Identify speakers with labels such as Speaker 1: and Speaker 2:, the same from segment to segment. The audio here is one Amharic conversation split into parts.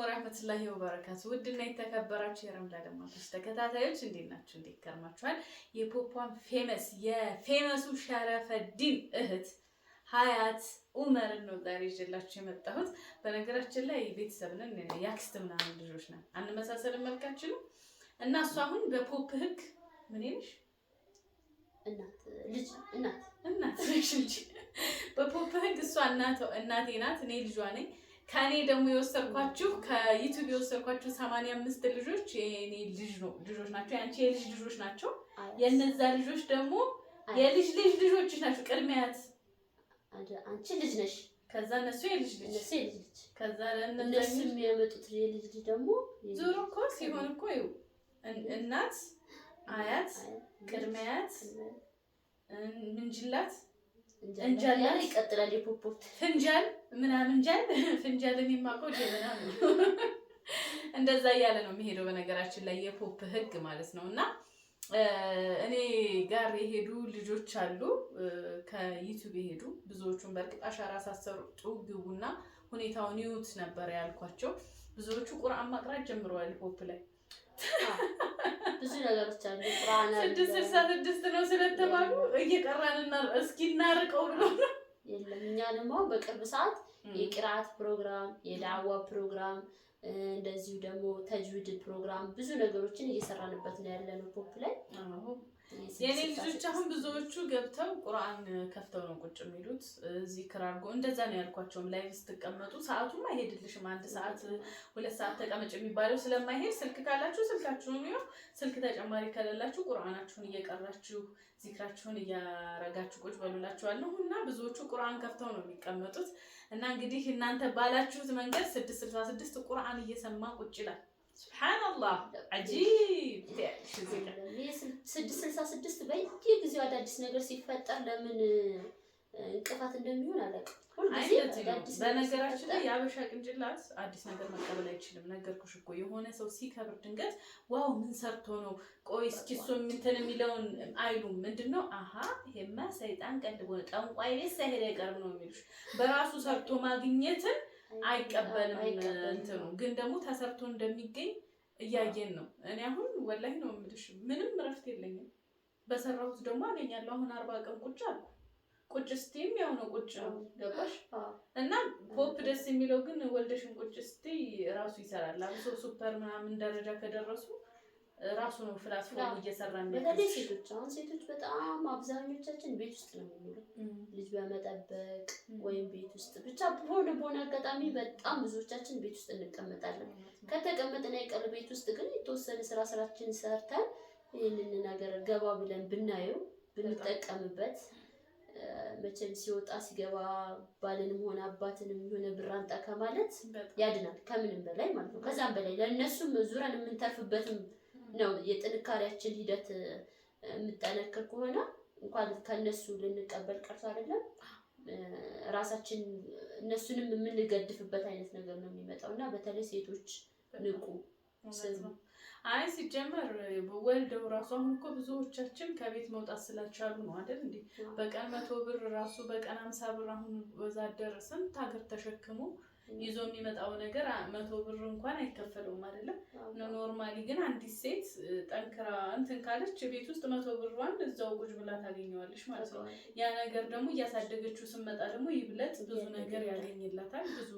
Speaker 1: ወራህመቱላሂ ወበረካቱ ውድና የተከበራችሁ የረምዳ ደማቶች ተከታታዮች እንዴት ናችሁ? እንዴት ከርማችኋል? የፖፓን ፌመስ የፌመሱ ሸረፈዲን እህት ሀያት ኡመርን ነው ዛሬ ይዤላችሁ የመጣሁት። በነገራችን ላይ ቤተሰብ ነን፣ የአክስት ምናምን ልጆች ነን፣ አንመሳሰልም መልካችንም እና እሱ አሁን በፖፕ ህግ ምን ይልሽ
Speaker 2: እናት
Speaker 1: ልጅ በፖፕ ህግ እሷ እናቴ ናት፣ እኔ ልጇ ነኝ ከእኔ ደግሞ የወሰድኳችሁ ከዩቱብ የወሰድኳችሁ ሰማንያ አምስት ልጆች የኔ ልጅ ነው ልጆች ናቸው። ያንቺ የልጅ ልጆች ናቸው። የእነዛ ልጆች ደግሞ የልጅ ልጅ ልጆች ናቸው። ቅድሚያት
Speaker 2: አንቺ ልጅ ነሽ።
Speaker 1: ከዛ እነሱ የልጅ ልጅ ልጅ ከዛ እነሱ
Speaker 2: የሚያመጡት የልጅ ልጅ ደግሞ
Speaker 1: ዞሮ እኮ ሲሆን እኮ ይኸው እናት፣ አያት፣ ቅድሚያት ምንጅላት
Speaker 2: እንጀል ይቀጥላል። የፖፖት
Speaker 1: ፍንጀል ምናምን እንጀል ፍንጃልን የማውቀው ጀበና ነው። እንደዛ እያለ ነው የሚሄደው። በነገራችን ላይ የፖፕ ህግ ማለት ነው። እና እኔ ጋር የሄዱ ልጆች አሉ ከዩቱብ የሄዱ ብዙዎቹን በእርግጥ አሻራ ሳሰጡ ግቡና ሁኔታውን ይዩት ነበር ያልኳቸው። ብዙዎቹ ቁርአን ማቅራት ጀምረዋል ፖፕ ላይ
Speaker 2: ብዙ ነገሮች አሉ።
Speaker 1: ስድስት ስልሳ ስድስት ነው ስለተባሉ እስኪ እናርቀው ብሎ
Speaker 2: የለም። እኛ ደግሞ በቅርብ ሰዓት የቅርአት ፕሮግራም፣ የዳዋ ፕሮግራም እንደዚሁ ደግሞ ተጅዊድ ፕሮግራም ብዙ ነገሮችን እየሰራንበት ነው ያለነው ፖፕ ላይ
Speaker 1: የኔ ልጆች አሁን ብዙዎቹ ገብተው ቁርአን ከፍተው ነው ቁጭ የሚሉት። ዚክር አድርጎ እንደዛ ነው ያልኳቸውም። ላይ ስትቀመጡ ሰዓቱም አይሄድልሽም። አንድ ሰዓት ሁለት ሰዓት ተቀመጭ የሚባለው ስለማይሄድ ስልክ ካላችሁ ስልካችሁን ይኸው፣ ስልክ ተጨማሪ ከሌላችሁ ቁርአናችሁን እየቀራችሁ ዚክራችሁን እያረጋችሁ ቁጭ በሉላችኋለሁ እና ብዙዎቹ ቁርአን ከፍተው ነው የሚቀመጡት እና እንግዲህ እናንተ ባላችሁት መንገድ ስድስት ስልሳ ስድስት ቁርአን እየሰማ ቁጭ ይላል። ሱብሓነላህ አጂብ
Speaker 2: ስድስት ስልሳ አዳዲስ ነገር ሲፈጠር ለምን እንቅፋት እንደሚሆን አላውቅም።
Speaker 1: በነገራችን ላይ የአበሻ ቅንጭላት አዲስ ነገር መቀበል አይችልም። ነገርኩሽ እኮ የሆነ ሰው ሲከብር ድንገት ዋው ምን ሰርቶ ነው? ቆይ እስኪ እሱ እንትን የሚለውን አይሉም። ምንድን ነው አሀ ይሄማ ሰይጣን ጠንቋይ ቤት ሳይሄድ አይቀርም ነው የሚሉሽ። በራሱ ሰርቶ ማግኘትን አይቀበልም። እንትኑ ግን ደግሞ ተሰርቶ እንደሚገኝ እያየን ነው። እኔ አሁን ወላይ ነው የምልሽ፣ ምንም እረፍት የለኝም። በሰራሁት ደግሞ አገኛለሁ። አሁን አርባ ቀን ቁጭ አሉ ቁጭ ስትይም ያው ነው ቁጭ ነው ገባሽ? እና ፖፕ ደስ የሚለው ግን ወልደሽን ቁጭ ስትይ ራሱ ይሰራል። አብሶ ሱፐር ምናምን ደረጃ ከደረሱ ራሱ ነው ፍላትፎርም እየሰራ
Speaker 2: በተለይ ሴቶች አሁን ሴቶች በጣም አብዛኞቻችን ቤት ውስጥ ነው የሚሉ ልጅ በመጠበቅ ወይም ቤት ውስጥ ብቻ በሆነ በሆነ አጋጣሚ በጣም ብዙዎቻችን ቤት ውስጥ እንቀመጣለን። ከተቀመጥን አይቀር ቤት ውስጥ ግን የተወሰነ ስራ ስራችን ሰርተን ይህንን ነገር ገባ ብለን ብናየው ብንጠቀምበት መቼም ሲወጣ ሲገባ ባልንም ሆነ አባትንም የሆነ ብር አምጣ ማለት ያድናል ከምንም በላይ ማለት ነው። ከዛም በላይ ለእነሱም ዙረን የምንተርፍበትም ነው የጥንካሬያችን ሂደት የምጠነክር ከሆነ እንኳን ከነሱ ልንቀበል ቀርቶ አይደለም ራሳችን እነሱንም የምንገድፍበት አይነት ነገር ነው የሚመጣው እና በተለይ ሴቶች ንቁ።
Speaker 1: አይ ሲጀመር ወልደው ራሱ አሁን እኮ ብዙዎቻችን ከቤት መውጣት ስላልቻሉ ነው አይደል? እንደ በቀን መቶ ብር ራሱ በቀን አምሳ ብር አሁን ወዛደር ስንት ሀገር ተሸክሞ ይዞ የሚመጣው ነገር መቶ ብር እንኳን አይከፈለውም አይደለም። ኖርማሊ ግን አንዲት ሴት ጠንክራ እንትን ካለች ቤት ውስጥ መቶ ብሯን እዛው ቁጭ ብላ ታገኘዋለች ማለት ነው። ያ ነገር ደግሞ እያሳደገችው ስመጣ ደግሞ ይብለጥ ብዙ ነገር ያገኝላታል፣ ብዙ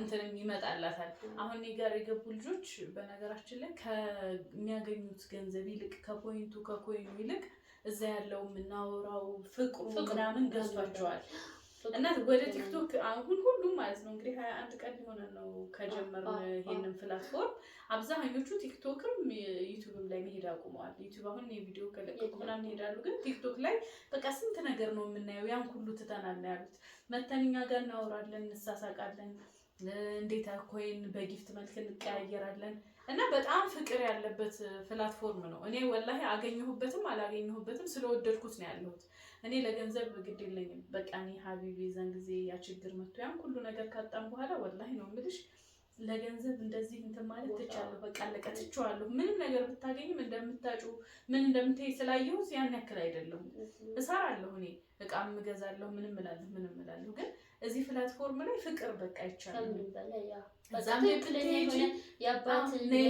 Speaker 1: እንትንም ይመጣላታል። አሁን ጋር የገቡ ልጆች በነገራችን ላይ ከሚያገኙት ገንዘብ ይልቅ ከፖይንቱ ከኮይኑ ይልቅ እዛ ያለው የምናወራው ፍቅሩ ምናምን ገዝቷቸዋል። እና ወደ ቲክቶክ አሁን ሁሉም ማለት ነው እንግዲህ ሀያ አንድ ቀን የሆነ ነው ከጀመር ይሄንን ፕላትፎርም አብዛኞቹ ቲክቶክም ዩቱብም ላይ መሄድ አቁመዋል። ዩቱብ አሁን የቪዲዮ ከለቀቁ ምናምን ይሄዳሉ፣ ግን ቲክቶክ ላይ በቃ ስንት ነገር ነው የምናየው። ያን ሁሉ ትተናል ያሉት መተንኛ ጋር እናወራለን፣ እንሳሳቃለን እንዴት ኮይን በጊፍት መልክ እንቀያየራለን እና በጣም ፍቅር ያለበት ፕላትፎርም ነው። እኔ ወላሂ አገኘሁበትም አላገኘሁበትም ስለወደድኩት ነው ያለሁት። እኔ ለገንዘብ ግድ የለኝም። በቃ እኔ ሀቢቢ የዛን ጊዜ ያ ችግር መጥቶ ያን ሁሉ ነገር ካጣም በኋላ ወላሂ ነው የምልሽ ለገንዘብ እንደዚህ እንትን ማለት ትቻለሁ። በቃ አለቀ፣ ትቼዋለሁ። ምንም ነገር ብታገኝም እንደምታጩ ምን እንደምትይ ስላየሁት ያን ያክል አይደለም። እሰራለሁ፣ እኔ እቃም እገዛለሁ፣ ምንም እላለሁ፣ ምንም እላለሁ። ግን እዚህ ፕላትፎርም ላይ ፍቅር በቃ ይቻላል። እዛም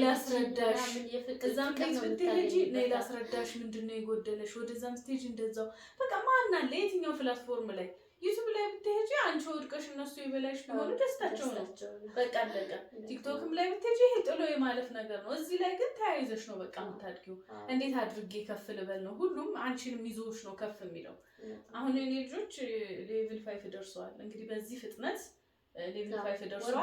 Speaker 1: ላስረዳሽ፣ እዛም ስትሄጂ ምንድን ነው የጎደለሽ? ወደዛም ስትሄጂ እንደዛው በቃ ማን የትኛው ፕላትፎርም ላይ ዩቱብ ላይ ብትሄጂ አንቺ ወድቀሽ እነሱ የበላሽ ቢሆኑ ደስታቸው ነው። በቃ በቃ ቲክቶክም ላይ ብትሄጂ ይሄ ጥሎ የማለፍ ነገር ነው። እዚህ ላይ ግን ተያይዘሽ ነው በቃ የምታድጊው። እንዴት አድርጌ ከፍ ልበል ነው ሁሉም አንቺንም ይዞሽ ነው ከፍ የሚለው። አሁን የኔ ልጆች ሌቭል ፋይፍ ደርሰዋል። እንግዲህ በዚህ ፍጥነት ሌቭል ፋይፍ ደርሷል።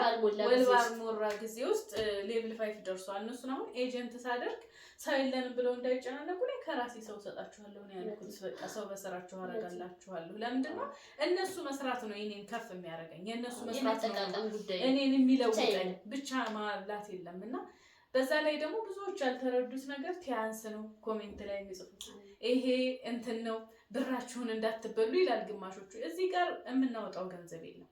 Speaker 1: ወል ሞራ ጊዜ ውስጥ ሌቭል ፋይፍ ደርሷል። እነሱን አሁን ኤጀንት ሳደርግ ሰው የለንም ብለው እንዳይጨናነቁ እኔ ከራሴ ሰው ሰጣችኋለሁ ነው ያልኩት። በቃ ሰው በስራችሁ አረጋላችኋለሁ። ለምንድን ነው እነሱ መስራት ነው እኔን ከፍ የሚያደርገኝ፣ የእነሱ መስራት ነው እኔን የሚለውጠኝ። ብቻ ማላት የለም እና በዛ ላይ ደግሞ ብዙዎች ያልተረዱት ነገር ቲያንስ ነው። ኮሜንት ላይ የሚጽፉት ይሄ እንትን ነው፣ ብራችሁን እንዳትበሉ ይላል ግማሾቹ። እዚህ ጋር የምናወጣው ገንዘብ የለም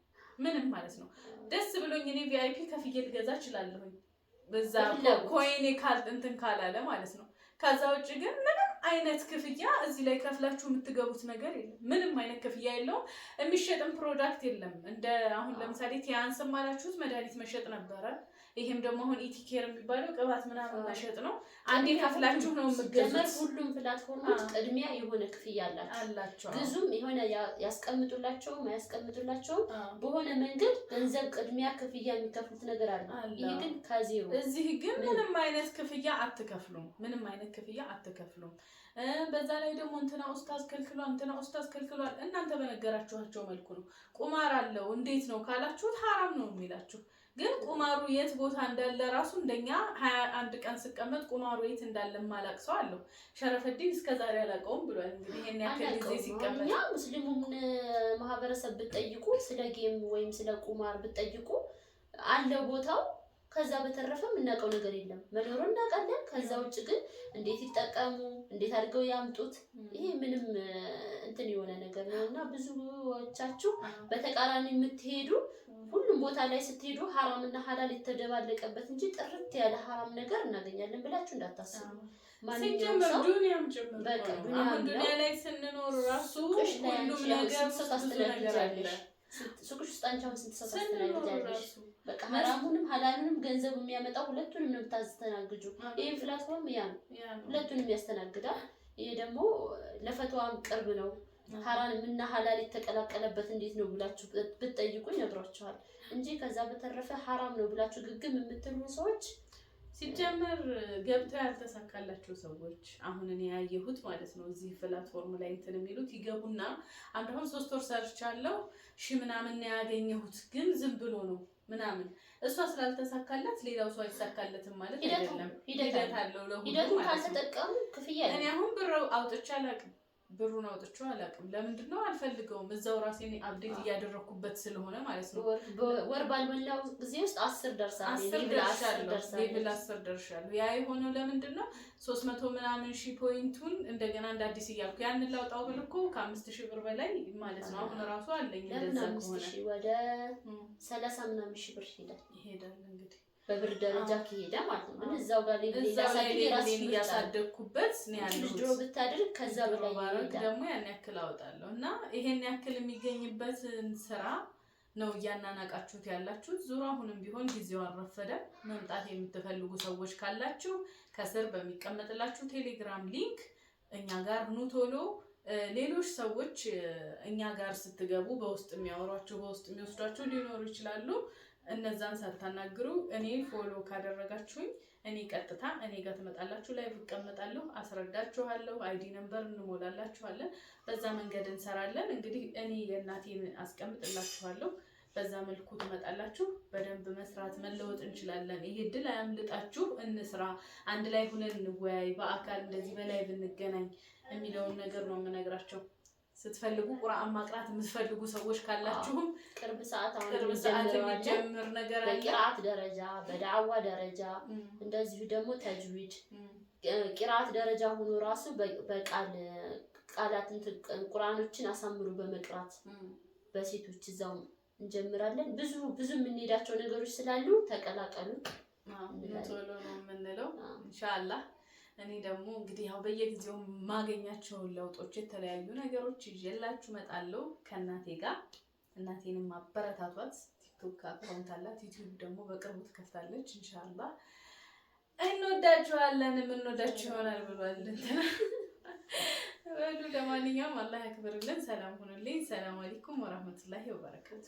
Speaker 1: ምንም ማለት ነው። ደስ ብሎኝ እኔ ቪአይፒ ከፍዬ ልገዛ እችላለሁኝ በዛ ኮይኔ ካል እንትን ካላለ ማለት ነው። ከዛ ውጭ ግን ምንም አይነት ክፍያ እዚህ ላይ ከፍላችሁ የምትገቡት ነገር የለም። ምንም አይነት ክፍያ የለውም። የሚሸጥም ፕሮዳክት የለም። እንደ አሁን ለምሳሌ ቲያንስ ማላችሁት መድኃኒት መሸጥ ነበረ ይሄም ደግሞ አሁን ኢቲኬር የሚባለው ቅባት ምናምን መሸጥ ነው። አንዴ ከፍላችሁ ነው የምገዙት።
Speaker 2: ሁሉም ፕላትፎርሞች ቅድሚያ የሆነ ክፍያ አላቸው። ብዙም የሆነ ያስቀምጡላቸውም አያስቀምጡላቸውም በሆነ መንገድ ገንዘብ ቅድሚያ ክፍያ የሚከፍሉት ነገር አለ። ይሄ ግን ከዜሮ
Speaker 1: እዚህ ግን ምንም አይነት ክፍያ አትከፍሉም። ምንም አይነት ክፍያ አትከፍሉም። በዛ ላይ ደግሞ እንትና ኡስታዝ ከልክሏል፣ እንትና ኡስታዝ ከልክሏል። እናንተ በነገራችኋቸው መልኩ ነው። ቁማር አለው እንዴት ነው ካላችሁት ሀራም ነው የሚላችሁ ግን ቁማሩ የት ቦታ እንዳለ ራሱ እንደኛ ሀያ አንድ ቀን ስቀመጥ ቁማሩ የት እንዳለ ማላቅ ሰው አለው። ሸረፈዲን እስከዛሬ አላውቀውም ብሏል። እንግዲህ ይሄን ያክል ጊዜ ሲቀመጥ እኛ
Speaker 2: ሙስሊሙን ማህበረሰብ ብትጠይቁ ስለ ጌም ወይም ስለ ቁማር ብትጠይቁ አለ ቦታው። ከዛ በተረፈ የምናውቀው ነገር የለም። መኖሩ እናውቃለን። ከዛ ውጭ ግን እንዴት ይጠቀሙ፣ እንዴት አድርገው ያምጡት፣ ይሄ ምንም እንትን የሆነ ነገር ነው እና ብዙዎቻችሁ በተቃራኒ የምትሄዱ ሁሉም ቦታ ላይ ስትሄዱ ሀራምና ሀላል የተደባለቀበት እንጂ ጥርት ያለ ሀራም ነገር እናገኛለን ብላችሁ እንዳታስቡ።
Speaker 1: ማንኛውም ዱኒያም ጭምር ዱኒያ ላይ ስንኖር ራሱ ሁሉም
Speaker 2: ነገር ሱቅሽ ውስጥ አንቺ አሁን ስንት ሰው ታስተናግጃለሽ? በቃ ሀራሙንም ሀላሉንም ገንዘቡ የሚያመጣው ሁለቱንም ነው የምታስተናግጁ። ይህ ፕላትፎርም ያ ነው፣ ሁለቱንም ያስተናግዳል። ይሄ ደግሞ ለፈተዋም ቅርብ ነው። ሀራም እና ሀላል የተቀላቀለበት እንዴት ነው ብላችሁ ብትጠይቁ ይነግሯችኋል እንጂ ከዛ በተረፈ ሀራም ነው ብላችሁ ግግም የምትሉ ሰዎች
Speaker 1: ሲጀመር ገብተው ያልተሳካላቸው ሰዎች አሁን እኔ ያየሁት ማለት ነው። እዚህ ፕላትፎርም ላይ እንትን የሚሉት ይገቡና አንድ አሁን ሶስት ወር ሰርቻለሁ ሺ ምናምን ያገኘሁት ግን ዝም ብሎ ነው ምናምን እሷ ስላልተሳካላት ሌላው ሰው አይሳካለትም ማለት አይደለም። ሂደት አለው። ለሁሉም
Speaker 2: ማለት ነው። ካልተጠቀሙ ክፍያ
Speaker 1: እኔ አሁን ብረው አውጥቼ አላውቅም ብሩን አውጥቼው አላውቅም። ለምንድን ነው አልፈልገውም። እዛው እኔ አብዴት እያደረግኩበት ስለሆነ ማለት ነው።
Speaker 2: ወር ባልሞላው ጊዜ ውስጥ አስር
Speaker 1: ደርሳለሁ አስር ደርሻለሁ። ያ የሆነው ለምንድን ነው ሶስት መቶ ምናምን ሺህ ፖይንቱን እንደገና እንደ አዲስ እያልኩ ያንን ላውጣው ብል እኮ ከአምስት ሺህ ብር በላይ ማለት ነው አሁን ራሱ አለኝ።
Speaker 2: ወደ ሰላሳ ምናምን ሺህ ብር ይሄዳል ይሄዳል እንግዲህ በብር ደረጃ ከሄደ ማለት ነው። እዛው ጋር
Speaker 1: እያሳደግኩበት
Speaker 2: ድሮ ብታደርግ ከዛ
Speaker 1: በላይ ደግሞ ያን ያክል አወጣለሁ እና ይሄን ያክል የሚገኝበትን ስራ ነው እያናናቃችሁት ያላችሁት። ዙሮ አሁንም ቢሆን ጊዜው አልረፈደም። መምጣት የምትፈልጉ ሰዎች ካላችሁ ከስር በሚቀመጥላችሁ ቴሌግራም ሊንክ እኛ ጋር ኑ ቶሎ። ሌሎች ሰዎች እኛ ጋር ስትገቡ በውስጥ የሚያወሯችሁ በውስጥ የሚወስዷችሁ ሊኖሩ ይችላሉ። እነዛን ሳታናግሩ እኔ ፎሎ ካደረጋችሁኝ እኔ ቀጥታ እኔ ጋር ትመጣላችሁ፣ ላይ እቀመጣለሁ፣ አስረዳችኋለሁ፣ አይዲ ነንበር እንሞላላችኋለን። በዛ መንገድ እንሰራለን። እንግዲህ እኔ የእናቴን አስቀምጥላችኋለሁ። በዛ መልኩ ትመጣላችሁ። በደንብ መስራት መለወጥ እንችላለን። ይሄ ድል አያምልጣችሁ። እንስራ፣ አንድ ላይ ሁነን እንወያይ፣ በአካል እንደዚህ በላይ ብንገናኝ የሚለውን ነገር ነው የምነግራቸው። ስትፈልጉ ቁርአን ማቅራት የምትፈልጉ ሰዎች ካላችሁም ቅርብ ሰዓት ቅርብ የሚጀምር ነገር
Speaker 2: አለ። ደረጃ በዳዋ ደረጃ እንደዚሁ ደግሞ ተጅዊድ ቂራት ደረጃ ሆኖ ራሱ በቃል ቃላትን ቁርአኖችን አሳምሩ በመቅራት በሴቶች እዛው እንጀምራለን። ብዙ ብዙ የምንሄዳቸው ነገሮች ስላሉ ተቀላቀሉ
Speaker 1: ቶሎ ነው የምንለው ኢንሻአላህ። እኔ ደግሞ እንግዲህ ያው በየጊዜው ማገኛቸውን ለውጦች የተለያዩ ነገሮች ይዤላችሁ እመጣለሁ ከእናቴ ጋር። እናቴንም አበረታቷት። ቲክቶክ አካውንት አላት፣ ዩቲዩብ ደግሞ በቅርቡ ትከፍታለች እንሻላ። እንወዳችኋለን። የምንወዳችሁ ይሆናል ብሏል በሉ። ለማንኛውም አላህ ያክብርልን። ሰላም ሁኑልኝ። ሰላም አለይኩም ወራህመቱላሂ ወበረካቱ።